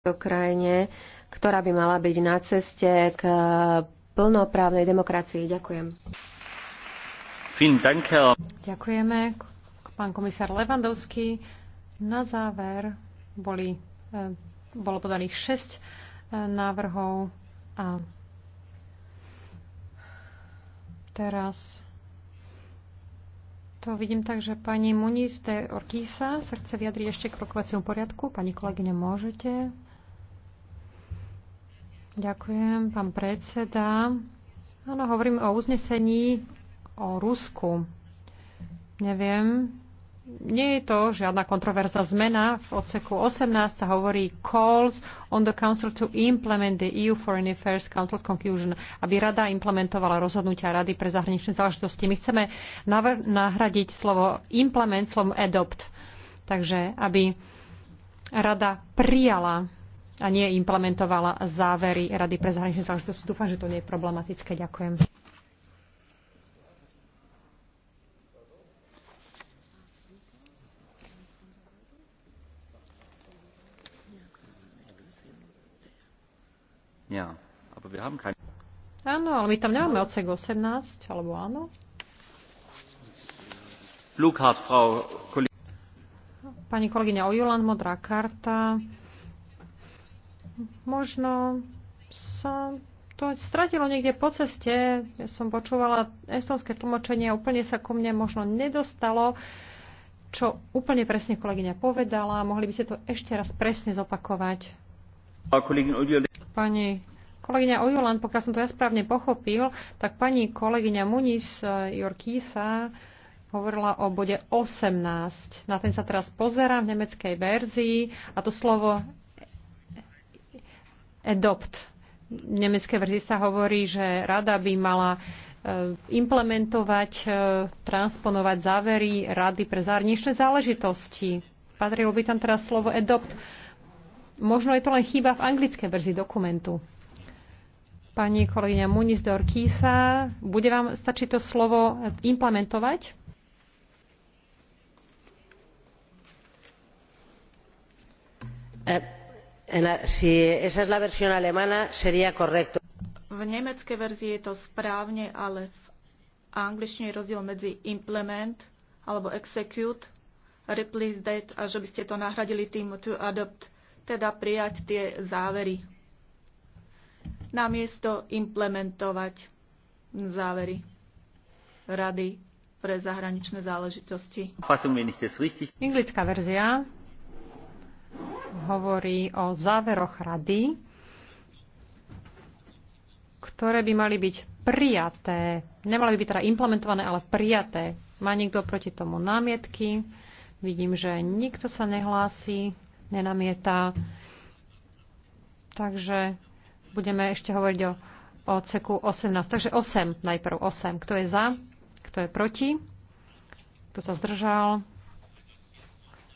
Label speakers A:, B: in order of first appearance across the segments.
A: o krajine, ktorá by mala byť na ceste k plnoprávnej demokracii. Ďakujem. Ďakujeme. Pán komisár Levandovský, na záver boli, eh, bolo podaných 6 eh, návrhov a teraz to vidím tak, že pani Muniz de Orkisa sa chce vyjadriť ešte k rokovaciemu poriadku. Pani kolegyne, môžete. Ďakujem, pán predseda. Áno, hovorím o uznesení o Rusku. Neviem, nie je to žiadna kontroverzná zmena. V odseku 18 sa hovorí calls on the Council to implement the EU Foreign Affairs Council's conclusion, aby rada implementovala rozhodnutia Rady pre zahraničné záležitosti. My chceme nahradiť slovo implement slovom adopt. Takže aby rada prijala a nie implementovala závery Rady pre zahraničné záležitosti. Dúfam, že to nie je problematické. Ďakujem. Ja, aber wir haben Áno, ale my tam nemáme odsek 18, alebo áno? Pani kolegyňa Ojuland, modrá karta možno sa to stratilo niekde po ceste. Ja som počúvala estonské tlmočenie a úplne sa ku mne možno nedostalo, čo úplne presne kolegyňa povedala. Mohli by ste to ešte raz presne zopakovať. Pani kolegyňa Ojulan, pokiaľ som to ja správne pochopil, tak pani kolegyňa Muniz eh, Jorkísa hovorila o bode 18. Na ten sa teraz pozerám v nemeckej verzii a to slovo adopt. V nemeckej verzii sa hovorí, že rada by mala eh, implementovať, eh, transponovať závery Rady pre zahraničné záležitosti. Patrilo by tam teraz slovo adopt. Možno je to len chyba v anglickej verzii dokumentu. Pani kolegyňa Muniz Dorkisa, bude vám stačiť to slovo implementovať? E si esa es la versión alemana sería correcto. V nemeckej verzii je to správne, ale v angličtine je rozdiel medzi implement alebo execute, replace that a že by ste to nahradili tým to adopt, teda prijať tie závery. Namiesto implementovať závery Rady pre zahraničné záležitosti. verzia hovorí o záveroch rady, ktoré by mali byť prijaté. Nemali by byť teda implementované, ale prijaté. Má niekto proti tomu námietky? Vidím, že nikto sa nehlási, nenamieta. Takže budeme ešte hovoriť o odseku 18. Takže 8 najprv 8. Kto je za? Kto je proti? Kto sa zdržal?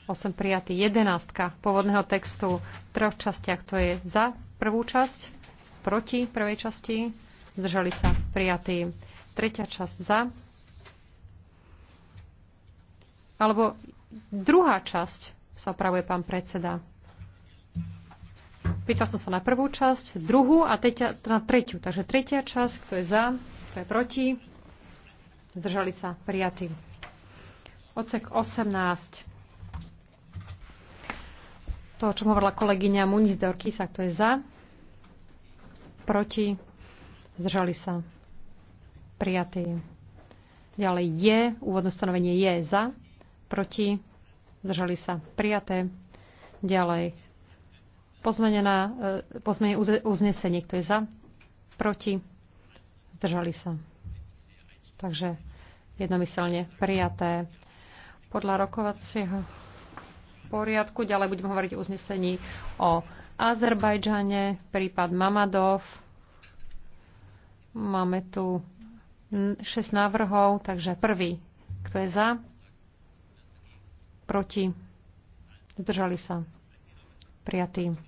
A: 8 prijatý 11 pôvodného textu v troch častiach. To je za prvú časť, proti prvej časti, zdržali sa prijatý tretia časť za. Alebo druhá časť, sa opravuje pán predseda. Pýtal som sa na prvú časť, druhú a teťa, na tretiu. Takže tretia časť, kto je za, kto je proti, zdržali sa prijatý. Ocek 18 to, o čom hovorila kolegyňa Muniz Dorkisa, kto je za, proti, zdržali sa, prijatý. Ďalej je, úvodné stanovenie je za, proti, zdržali sa, prijaté. Ďalej pozmenená, e, pozmenené uznesenie, kto je za, proti, zdržali sa. Takže jednomyselne prijaté. Podľa rokovacieho poriadku. Ďalej budeme hovoriť o uznesení o Azerbajdžane, prípad Mamadov. Máme tu 6 návrhov, takže prvý, kto je za? Proti? Zdržali sa? Prijatý.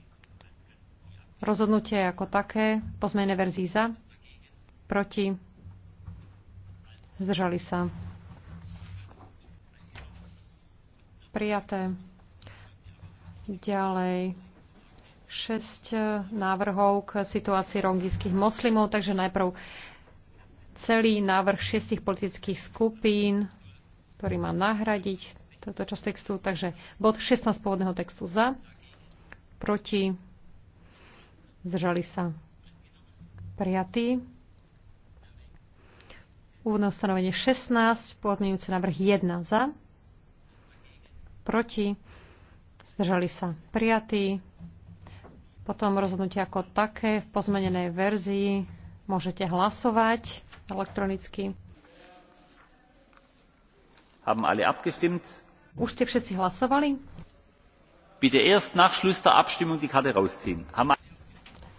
A: Rozhodnutie ako také, Pozmene verzii za, proti, zdržali sa prijaté. Ďalej 6 eh, návrhov k situácii rongijských moslimov, takže najprv celý návrh šiestich politických skupín, ktorý má nahradiť toto časť textu. Takže bod 16 pôvodného textu za, proti, zdržali sa prijatí. Úvodné ustanovenie 16, podmienujúce návrh 1 za, proti, zdržali sa prijatí. Potom rozhodnutie ako také v pozmenenej verzii môžete hlasovať elektronicky. Haben alle abgestimmt? Už ste všetci hlasovali? Bitte erst nach Schluss der Abstimmung die Karte rausziehen. Haben alle...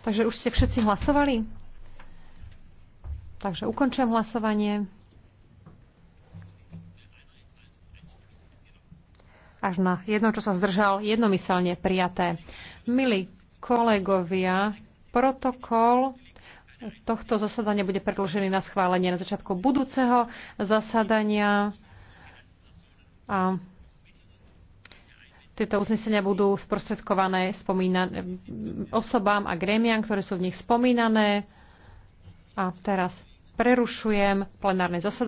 A: Takže už ste všetci hlasovali? Takže ukončujem hlasovanie. až na jedno, čo sa zdržal, jednomyselne prijaté. Milí kolegovia, protokol tohto zasadania bude predložený na schválenie na začiatku budúceho zasadania. A tieto uznesenia budú sprostredkované osobám a grémiam, ktoré sú v nich spomínané. A teraz prerušujem plenárne zasadanie.